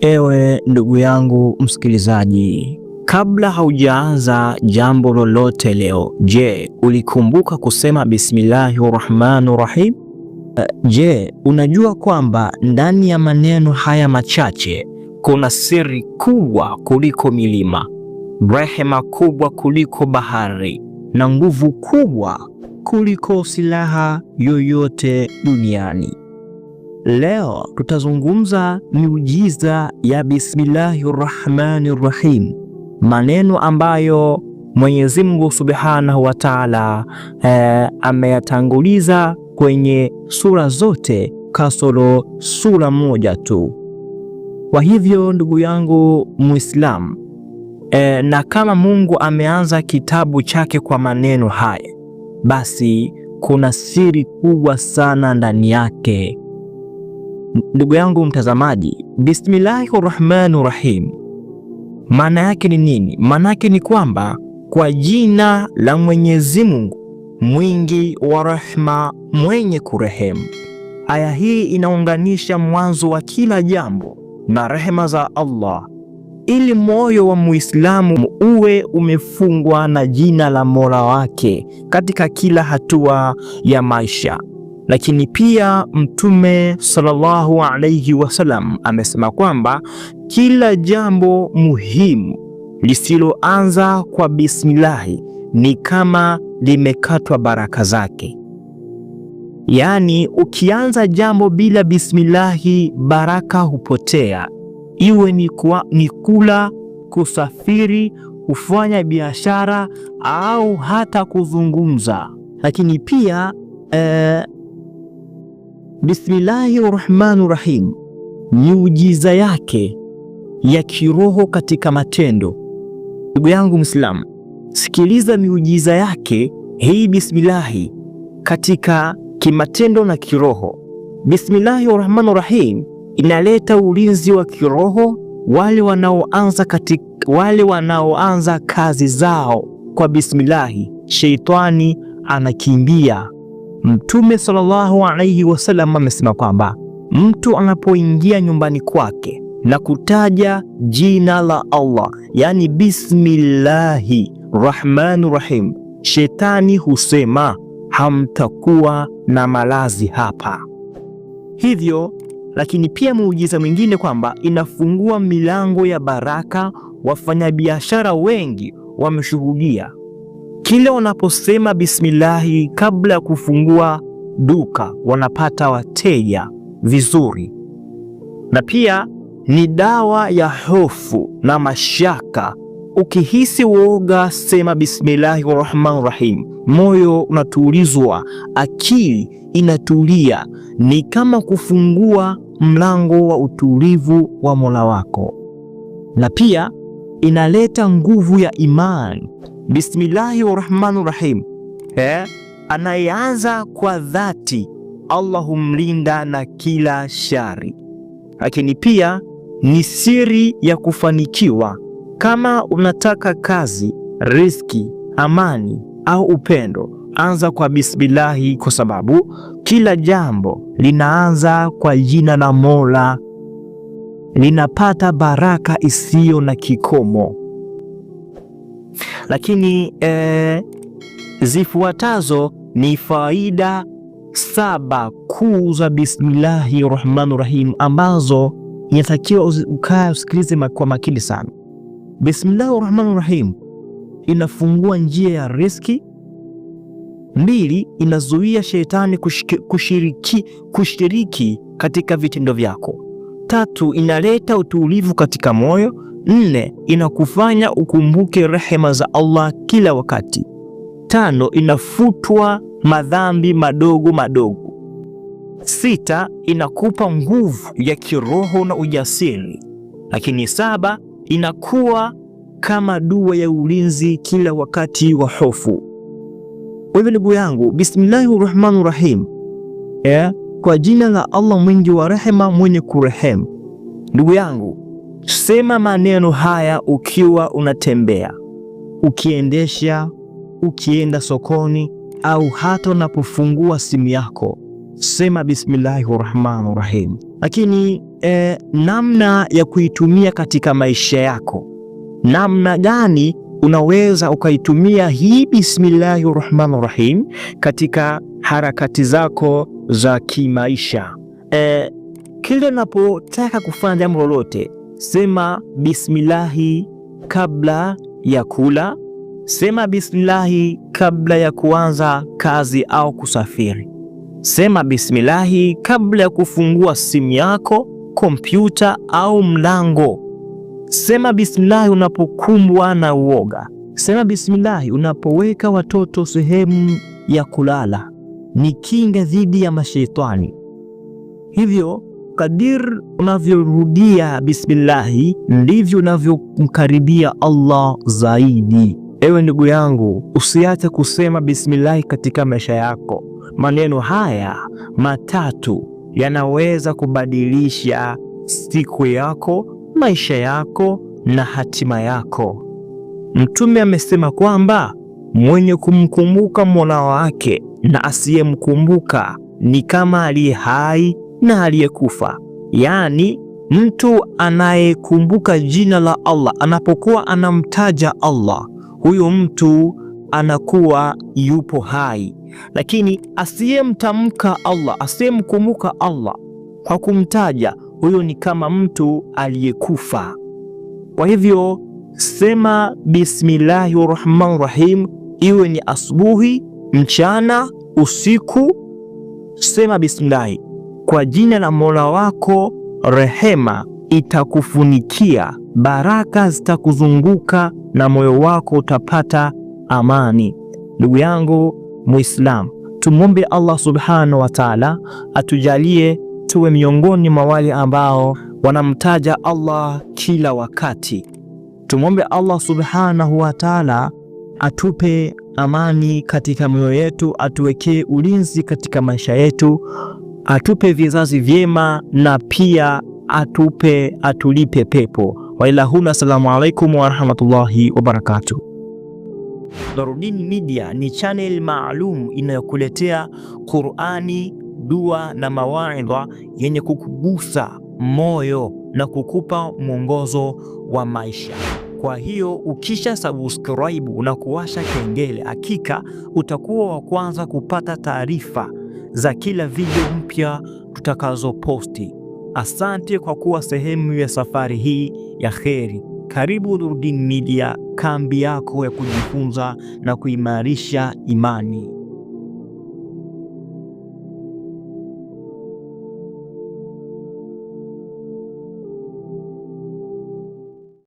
Ewe ndugu yangu msikilizaji, kabla haujaanza jambo lolote leo, je, ulikumbuka kusema bismillahi rahmani rahim? Uh, eh, je, unajua kwamba ndani ya maneno haya machache kuna siri kubwa kuliko milima, rehema kubwa kuliko bahari, na nguvu kubwa kuliko silaha yoyote duniani. Leo tutazungumza miujiza ya Bismillahi Rahmani Rahim, maneno ambayo Mwenyezi Mungu Subhanahu wa Ta'ala eh, ameyatanguliza kwenye sura zote kasoro sura moja tu. Kwa hivyo ndugu yangu Muislamu, eh, na kama Mungu ameanza kitabu chake kwa maneno haya, basi kuna siri kubwa sana ndani yake Ndugu yangu mtazamaji, bismillahi rahmani rahim, maana yake ni nini? Maana yake ni kwamba kwa jina la Mwenyezi Mungu mwingi wa rehma mwenye kurehemu. Aya hii inaunganisha mwanzo wa kila jambo na rehema za Allah ili moyo wa Muislamu uwe umefungwa na jina la Mola wake katika kila hatua ya maisha. Lakini pia Mtume sallallahu alayhi wasallam amesema kwamba kila jambo muhimu lisiloanza kwa bismillahi ni kama limekatwa baraka zake. Yaani, ukianza jambo bila bismillahi baraka hupotea, iwe ni, kwa, ni kula, kusafiri, kufanya biashara au hata kuzungumza. Lakini pia eh, Bismillahi rahmani rahim, miujiza yake ya kiroho katika matendo. Ndugu yangu Mwislamu, sikiliza miujiza yake hii bismillahi katika kimatendo na kiroho. Bismillahi rahmani rahim inaleta ulinzi wa kiroho wale wanaoanza katika, wale wanaoanza kazi zao kwa bismillahi, sheitani anakimbia Mtume sallallahu alaihi wasallam amesema kwamba mtu anapoingia nyumbani kwake na kutaja jina la Allah, yani bismillahi rahmani rahim, shetani husema hamtakuwa na malazi hapa. Hivyo lakini pia muujiza mwingine kwamba inafungua milango ya baraka. Wafanyabiashara wengi wameshuhudia kila wanaposema bismillahi kabla ya kufungua duka wanapata wateja vizuri, na pia ni dawa ya hofu na mashaka. Ukihisi woga, sema bismillahi rahmani rahim, moyo unatulizwa, akili inatulia. Ni kama kufungua mlango wa utulivu wa Mola wako, na pia inaleta nguvu ya imani Bismillahi rahmani rahim, eh, anayeanza kwa dhati Allah humlinda na kila shari. Lakini pia ni siri ya kufanikiwa. Kama unataka kazi, riski, amani au upendo, anza kwa bismillahi, kwa sababu kila jambo linaanza kwa jina la Mola, linapata baraka isiyo na kikomo. Lakini e, zifuatazo ni faida saba kuu za bismillahi rahmani rahim ambazo inatakiwa ukae usikilize kwa makini sana. Bismillahi rahmani rahim inafungua njia ya riski. Mbili, inazuia shetani kushiriki, kushiriki katika vitendo vyako. Tatu, inaleta utulivu katika moyo. Nne, inakufanya ukumbuke rehema za Allah kila wakati. Tano, inafutwa madhambi madogo madogo. Sita, inakupa nguvu ya kiroho na ujasiri. Lakini saba, inakuwa kama dua ya ulinzi kila wakati wa hofu. Kwa hivyo ndugu yangu, bismillahi rahmani rahim, yeah. Kwa jina la Allah mwingi wa rehema, mwenye kurehemu. Ndugu yangu Sema maneno haya ukiwa unatembea, ukiendesha, ukienda sokoni, au hata unapofungua simu yako. Sema bismillahi rahmani rahim. Lakini eh, namna ya kuitumia katika maisha yako, namna gani unaweza ukaitumia hii bismillahi rahmani rahim katika harakati zako za kimaisha? Eh, kile unapotaka kufanya jambo lolote Sema bismillahi kabla ya kula. Sema bismillahi kabla ya kuanza kazi au kusafiri. Sema bismillahi kabla ya kufungua simu yako, kompyuta au mlango. Sema bismillahi unapokumbwa na uoga. Sema bismillahi unapoweka watoto sehemu ya kulala. Ni kinga dhidi ya mashetani. Hivyo kadir unavyorudia bismillahi ndivyo unavyomkaribia Allah zaidi. Ewe ndugu yangu, usiache kusema bismillahi katika maisha yako. Maneno haya matatu yanaweza kubadilisha siku yako, maisha yako na hatima yako. Mtume amesema kwamba mwenye kumkumbuka Mola wake na asiyemkumbuka ni kama aliye hai na aliyekufa, yaani mtu anayekumbuka jina la Allah anapokuwa anamtaja Allah, huyo mtu anakuwa yupo hai. Lakini asiyemtamka Allah, asiyemkumbuka Allah kwa kumtaja, huyo ni kama mtu aliyekufa. Kwa hivyo sema bismillahi rahmani rahim, iwe ni asubuhi, mchana, usiku, sema bismillahi kwa jina la Mola wako, rehema itakufunikia, baraka zitakuzunguka na moyo wako utapata amani. Ndugu yangu Muislamu, tumwombe Allah subhanahu wa taala atujalie tuwe miongoni mwa wale ambao wanamtaja Allah kila wakati. Tumwombe Allah subhanahu wa taala atupe amani katika mioyo yetu, atuwekee ulinzi katika maisha yetu atupe vizazi vyema na pia atupe atulipe pepo. huna, assalamu alaikum warahmatullahi wabarakatuh. Nurdin Media ni channel maalum inayokuletea Qur'ani, dua na mawaidha yenye kukugusa moyo na kukupa mwongozo wa maisha. Kwa hiyo ukisha subscribe na kuwasha kengele, hakika utakuwa wa kwanza kupata taarifa za kila video mpya tutakazoposti. Asante kwa kuwa sehemu ya safari hii ya kheri. Karibu Nurdin Media, kambi yako ya kujifunza na kuimarisha imani.